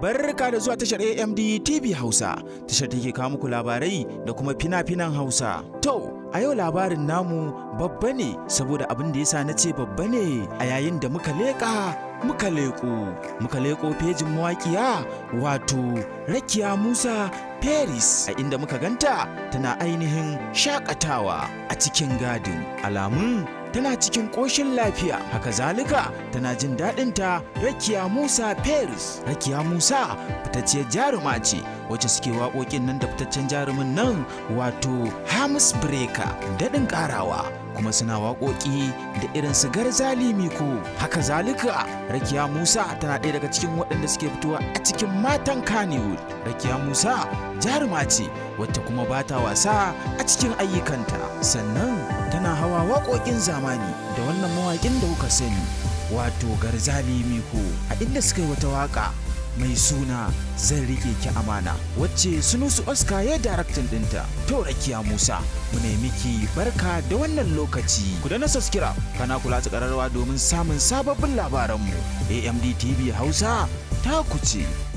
Barka da zuwa tashar AMD TV Hausa, tashar take kawo muku labarai da kuma fina-finan Hausa. To, a yau labarin namu babba ne saboda abin da yasa na ce babba ne a yayin da muka leƙa muka leƙo muka leƙo fejin mawaƙiya wato rakiya musa paris a inda muka ganta tana ainihin shakatawa a cikin gadin alamun tana cikin ƙoshin lafiya haka zalika tana jin daɗin ta rakiya musa paris rakiya musa fitacciyar jaruma ce wacce suke waƙoƙin nan da fitaccen jarumin nan wato hamus breaker daɗin ƙarawa kuma suna waƙoƙi da irin su garzali miko haka zalika rakiya musa tana ɗaya daga cikin waɗanda suke fitowa a cikin matan kanewood rakiya musa jaruma ce wacce kuma bata wasa a cikin ayyukanta sannan waƙoƙin zamani da wannan mawaƙin da kuka sani wato garzali miko a inda suka yi wata waƙa mai suna zan rike ki amana wacce sunusu oscar ya daraktan dinta to rakiya musa mu nemi miki barka da wannan lokaci ku dana subscribe kana kula ta kararwa domin samun sababbin labaranmu amd tv hausa ta ku ce